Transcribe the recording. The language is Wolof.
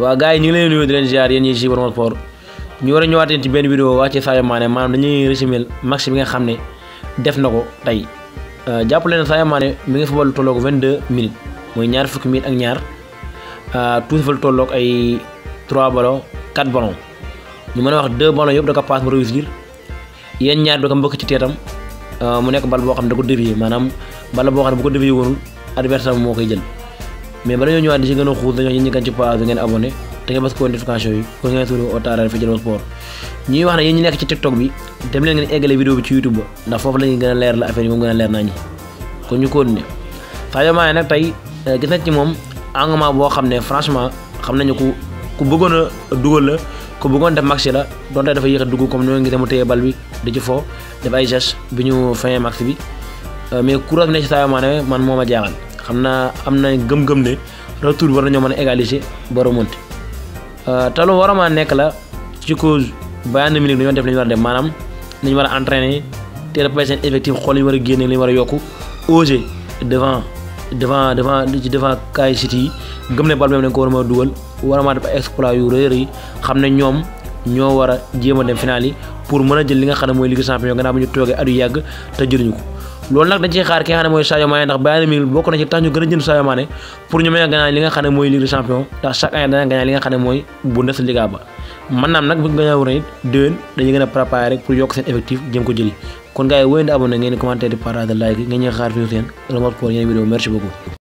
wa gaay ñu leen nuyu di leen ziar yeen ñi ci World for ñu wara a ñëwaat ci benn vidéo wa ci Sadio Mané maanaam dañuy résumé max bi nga xamné def nako tay tey euh, jàpp leen Sadio Mané mi nga football tolok 22 minutes moy ñaar fukki minute ak ñaar euh, tout fa tolok ay 3 ballon 4 ballon ñu mëna wax 2 ballon yëpp da ko pass mu réussir yeen ñaar da ko mbokk ci tétam euh mu nekk bal bo xam da ko dévier manam bal bo xam bu ko dévier wonul adversaire mo koy jël. mais ba ñoo ñëwaat di ci gën a xuus dañoo yéen ñi gan ci page bi ngeen abonné wax ne nekk ci tiktok bi dem leen ngeen eggale vidéo bi ci youtube ba ndax foofu yi moom gën a leer naa ñi kon nag tey euh, moom engagement boo xam ne franchement xam nañu ku ku bëggoon a ku bëggoon def max la donte dafa yéex a dugg comme ni ma gisee mu téye bal bi ñu fin max bi euh, mais courage bi nekk ci Sadio Mané man moo ma jaaxal xam naa am na gëm-gëm ne retour bi war nañoo mën a égaliser ba remonter euh, te lu war a nekk la ci cause Bayern Munich dañoo def li ñu war a def maanaam nañu war a entraîner teel a pay seen effectif xool li war a génne li ñu war a yokku oser devant devant devant devant Kaay City yi gëm ne bal bi dañ ko war a mën a dugal war a mën a def ay exploit yu rëy rëy xam ne ñoom ñoo war a jéem a dem final yi pour mën a jël li nga xam ne mooy Ligue des Champions gannaaw bu ñu toogee at yàgg te jëriñu ko. loolu nag dañ ciy xaar ki nga xam mooy Sadio ndax Bayern Munich bokk na tax ñu gën a jënd Sadio pour ñu mën a gagné li nga xam ne mooy Ligue des champions ndax chaque année dana gagné li nga xam ne mooy Bundesliga ba man nag bu ñu gagné woon it déwén dañuy gën a préparé rek pour yokk seen effectif jëm ko jëli kon gars yi wéyandi abonné ngeen commenté di partage like ngeen ñëw xaar fi seen remorque pour yeneen